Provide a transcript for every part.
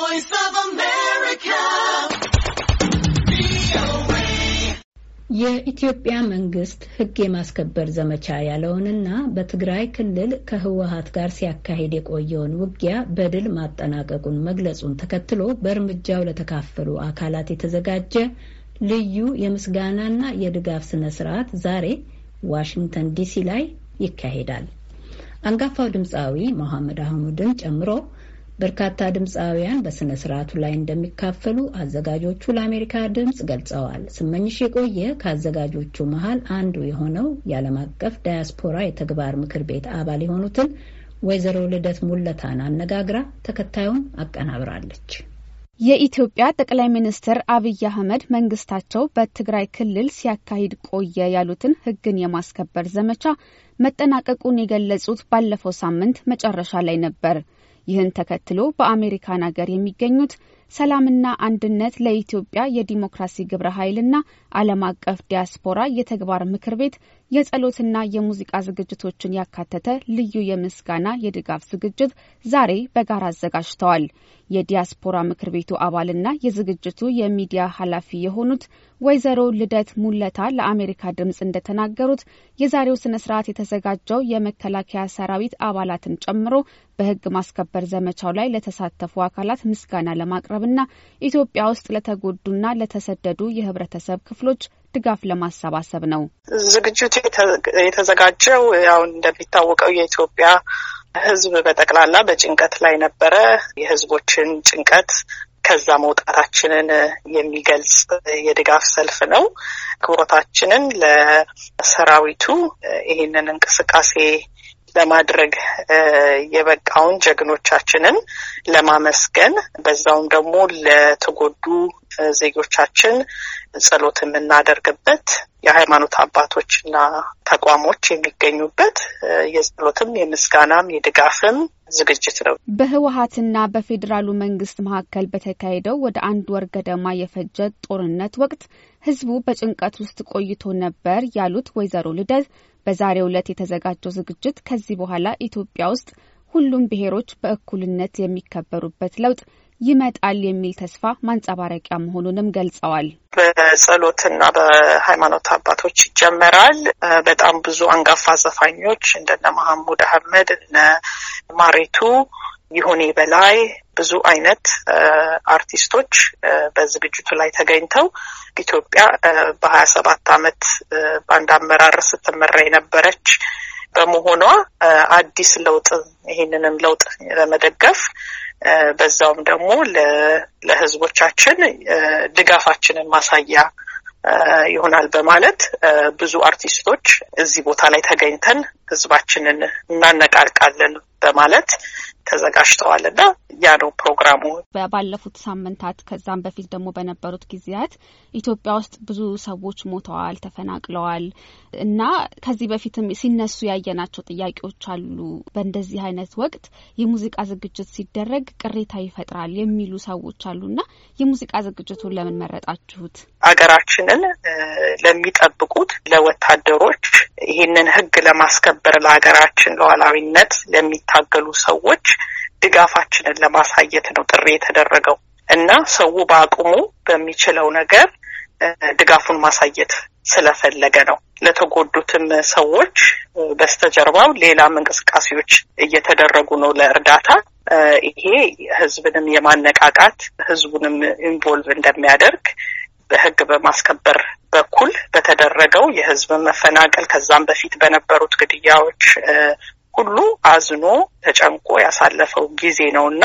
voice of America. የኢትዮጵያ መንግስት ህግ የማስከበር ዘመቻ ያለውንና በትግራይ ክልል ከህወሀት ጋር ሲያካሄድ የቆየውን ውጊያ በድል ማጠናቀቁን መግለጹን ተከትሎ በእርምጃው ለተካፈሉ አካላት የተዘጋጀ ልዩ የምስጋናና የድጋፍ ስነ ስርዓት ዛሬ ዋሽንግተን ዲሲ ላይ ይካሄዳል። አንጋፋው ድምፃዊ መሐመድ አህሙድን ጨምሮ በርካታ ድምፃውያን በሥነ ሥርዓቱ ላይ እንደሚካፈሉ አዘጋጆቹ ለአሜሪካ ድምፅ ገልጸዋል። ስመኝሽ የቆየ ከአዘጋጆቹ መሃል አንዱ የሆነው የዓለም አቀፍ ዳያስፖራ የተግባር ምክር ቤት አባል የሆኑትን ወይዘሮ ልደት ሙለታን አነጋግራ ተከታዩን አቀናብራለች። የኢትዮጵያ ጠቅላይ ሚኒስትር አብይ አህመድ መንግስታቸው በትግራይ ክልል ሲያካሂድ ቆየ ያሉትን ህግን የማስከበር ዘመቻ መጠናቀቁን የገለጹት ባለፈው ሳምንት መጨረሻ ላይ ነበር። ይህን ተከትሎ በአሜሪካን አገር የሚገኙት ሰላምና አንድነት ለኢትዮጵያ የዲሞክራሲ ግብረ ኃይልና ዓለም አቀፍ ዲያስፖራ የተግባር ምክር ቤት የጸሎትና የሙዚቃ ዝግጅቶችን ያካተተ ልዩ የምስጋና የድጋፍ ዝግጅት ዛሬ በጋራ አዘጋጅተዋል። የዲያስፖራ ምክር ቤቱ አባልና የዝግጅቱ የሚዲያ ኃላፊ የሆኑት ወይዘሮ ልደት ሙለታ ለአሜሪካ ድምፅ እንደተናገሩት የዛሬው ስነ ስርዓት የተዘጋጀው የመከላከያ ሰራዊት አባላትን ጨምሮ በህግ ማስከበር ዘመቻው ላይ ለተሳተፉ አካላት ምስጋና ለማቅረብና ኢትዮጵያ ውስጥ ለተጎዱና ለተሰደዱ የህብረተሰብ ክፍሎች ድጋፍ ለማሰባሰብ ነው። ዝግጅቱ የተዘጋጀው ያው እንደሚታወቀው የኢትዮጵያ ሕዝብ በጠቅላላ በጭንቀት ላይ ነበረ። የሕዝቦችን ጭንቀት ከዛ መውጣታችንን የሚገልጽ የድጋፍ ሰልፍ ነው። ክብሮታችንን ለሰራዊቱ ይህንን እንቅስቃሴ ለማድረግ የበቃውን ጀግኖቻችንን ለማመስገን በዛውም ደግሞ ለተጎዱ ዜጎቻችን ጸሎት የምናደርግበት የሃይማኖት አባቶችና ተቋሞች የሚገኙበት የጸሎትም የምስጋናም የድጋፍም ዝግጅት ነው። በህወሀትና በፌዴራሉ መንግስት መካከል በተካሄደው ወደ አንድ ወር ገደማ የፈጀ ጦርነት ወቅት ህዝቡ በጭንቀት ውስጥ ቆይቶ ነበር ያሉት ወይዘሮ ልደት በዛሬው ዕለት የተዘጋጀው ዝግጅት ከዚህ በኋላ ኢትዮጵያ ውስጥ ሁሉም ብሔሮች በእኩልነት የሚከበሩበት ለውጥ ይመጣል የሚል ተስፋ ማንጸባረቂያ መሆኑንም ገልጸዋል። በጸሎትና በሃይማኖት አባቶች ይጀመራል። በጣም ብዙ አንጋፋ ዘፋኞች እንደነ መሐሙድ አህመድ እነ ማሬቱ ይሁኔ በላይ ብዙ አይነት አርቲስቶች በዝግጅቱ ላይ ተገኝተው ኢትዮጵያ በሀያ ሰባት አመት በአንድ አመራር ስትመራ የነበረች በመሆኗ አዲስ ለውጥ ይህንንም ለውጥ ለመደገፍ በዛውም ደግሞ ለህዝቦቻችን ድጋፋችንን ማሳያ ይሆናል በማለት ብዙ አርቲስቶች እዚህ ቦታ ላይ ተገኝተን ህዝባችንን እናነቃቃለን በማለት ተዘጋጅተዋል እና ያ ነው ፕሮግራሙ። ባለፉት ሳምንታት ከዛም በፊት ደግሞ በነበሩት ጊዜያት ኢትዮጵያ ውስጥ ብዙ ሰዎች ሞተዋል፣ ተፈናቅለዋል እና ከዚህ በፊትም ሲነሱ ያየናቸው ጥያቄዎች አሉ። በእንደዚህ አይነት ወቅት የሙዚቃ ዝግጅት ሲደረግ ቅሬታ ይፈጥራል የሚሉ ሰዎች አሉ እና የሙዚቃ ዝግጅቱን ለምን መረጣችሁት? አገራችንን ለሚጠብቁት ለወታደሮች ይህንን ህግ ለማስከበር ለማስከበር ለሀገራችን ለዋላዊነት ለሚታገሉ ሰዎች ድጋፋችንን ለማሳየት ነው ጥሪ የተደረገው እና ሰው በአቅሙ በሚችለው ነገር ድጋፉን ማሳየት ስለፈለገ ነው። ለተጎዱትም ሰዎች በስተጀርባው ሌላም እንቅስቃሴዎች እየተደረጉ ነው ለእርዳታ። ይሄ ህዝብንም የማነቃቃት ህዝቡንም ኢንቮልቭ እንደሚያደርግ በህግ በማስከበር በኩል በተደረገው የህዝብ መፈናቀል ከዛም በፊት በነበሩት ግድያዎች ሁሉ አዝኖ ተጨንቆ ያሳለፈው ጊዜ ነው እና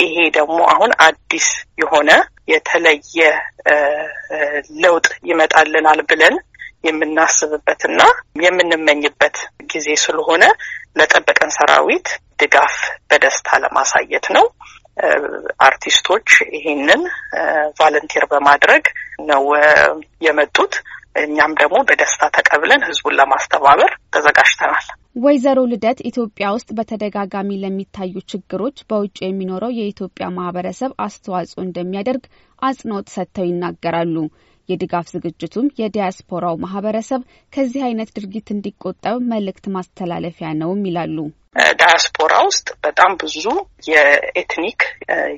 ይሄ ደግሞ አሁን አዲስ የሆነ የተለየ ለውጥ ይመጣልናል ብለን የምናስብበትና የምንመኝበት ጊዜ ስለሆነ ለጠበቀን ሰራዊት ድጋፍ በደስታ ለማሳየት ነው። አርቲስቶች ይሄንን ቫለንቲር በማድረግ ነው የመጡት። እኛም ደግሞ በደስታ ተቀብለን ህዝቡን ለማስተባበር ተዘጋጅተናል። ወይዘሮ ልደት ኢትዮጵያ ውስጥ በተደጋጋሚ ለሚታዩ ችግሮች በውጭ የሚኖረው የኢትዮጵያ ማህበረሰብ አስተዋጽኦ እንደሚያደርግ አጽንኦት ሰጥተው ይናገራሉ። የድጋፍ ዝግጅቱም የዲያስፖራው ማህበረሰብ ከዚህ አይነት ድርጊት እንዲቆጠብ መልእክት ማስተላለፊያ ነውም ይላሉ። ዳያስፖራ ውስጥ በጣም ብዙ የኤትኒክ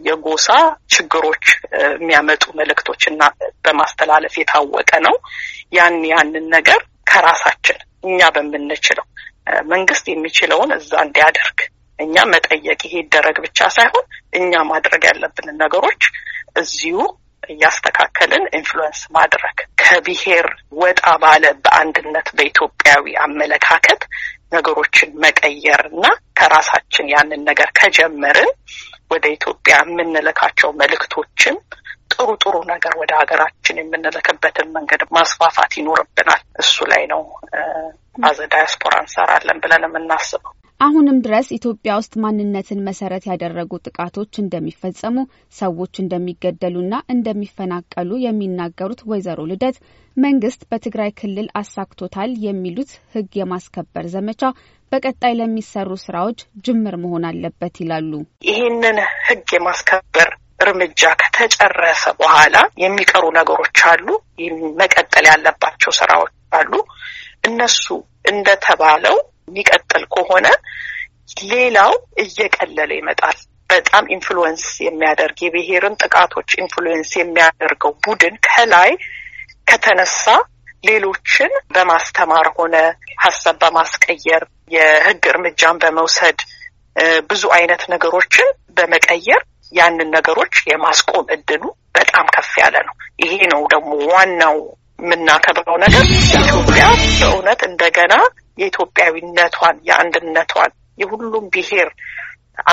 የጎሳ ችግሮች የሚያመጡ መልእክቶች እና በማስተላለፍ የታወቀ ነው። ያን ያንን ነገር ከራሳችን እኛ በምንችለው መንግስት የሚችለውን እዛ እንዲያደርግ እኛ መጠየቅ ይሄ ይደረግ ብቻ ሳይሆን እኛ ማድረግ ያለብንን ነገሮች እዚሁ እያስተካከልን ኢንፍሉዌንስ ማድረግ ከብሄር ወጣ ባለ በአንድነት በኢትዮጵያዊ አመለካከት ነገሮችን መቀየር እና ከራሳችን ያንን ነገር ከጀመርን ወደ ኢትዮጵያ የምንልካቸው መልእክቶችን ጥሩ ጥሩ ነገር ወደ ሀገራችን የምንልክበትን መንገድ ማስፋፋት ይኖርብናል። እሱ ላይ ነው አዘ ዳያስፖራ እንሰራለን ብለን የምናስበው። አሁንም ድረስ ኢትዮጵያ ውስጥ ማንነትን መሰረት ያደረጉ ጥቃቶች እንደሚፈጸሙ፣ ሰዎች እንደሚገደሉና እንደሚፈናቀሉ የሚናገሩት ወይዘሮ ልደት መንግስት በትግራይ ክልል አሳክቶታል የሚሉት ህግ የማስከበር ዘመቻ በቀጣይ ለሚሰሩ ስራዎች ጅምር መሆን አለበት ይላሉ። ይህንን ህግ የማስከበር እርምጃ ከተጨረሰ በኋላ የሚቀሩ ነገሮች አሉ፣ መቀጠል ያለባቸው ስራዎች አሉ። እነሱ እንደተባለው የሚቀጥል ከሆነ ሌላው እየቀለለ ይመጣል። በጣም ኢንፍሉዌንስ የሚያደርግ የብሔርን ጥቃቶች ኢንፍሉዌንስ የሚያደርገው ቡድን ከላይ ከተነሳ ሌሎችን በማስተማር ሆነ ሀሳብ በማስቀየር የህግ እርምጃን በመውሰድ ብዙ አይነት ነገሮችን በመቀየር ያንን ነገሮች የማስቆም እድሉ በጣም ከፍ ያለ ነው። ይሄ ነው ደግሞ ዋናው የምናከብረው ነገር ኢትዮጵያ በእውነት እንደገና የኢትዮጵያዊነቷን የአንድነቷን የሁሉም ብሔር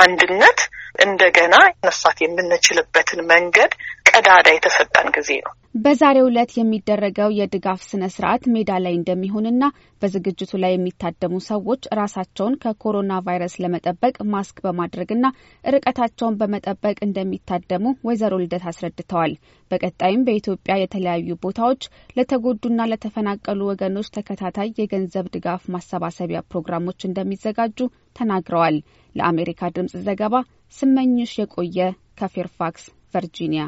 አንድነት እንደገና መሳት የምንችልበትን መንገድ ቀዳዳ የተሰጠን ጊዜ ነው። በዛሬው ዕለት የሚደረገው የድጋፍ ስነ ስርዓት ሜዳ ላይ እንደሚሆንና በዝግጅቱ ላይ የሚታደሙ ሰዎች ራሳቸውን ከኮሮና ቫይረስ ለመጠበቅ ማስክ በማድረግና ርቀታቸውን በመጠበቅ እንደሚታደሙ ወይዘሮ ልደት አስረድተዋል። በቀጣይም በኢትዮጵያ የተለያዩ ቦታዎች ለተጎዱና ለተፈናቀሉ ወገኖች ተከታታይ የገንዘብ ድጋፍ ማሰባሰቢያ ፕሮግራሞች እንደሚዘጋጁ ተናግረዋል። ለአሜሪካ ድምጽ ዘገባ ስመኝሽ የቆየ ከፌርፋክስ ቨርጂኒያ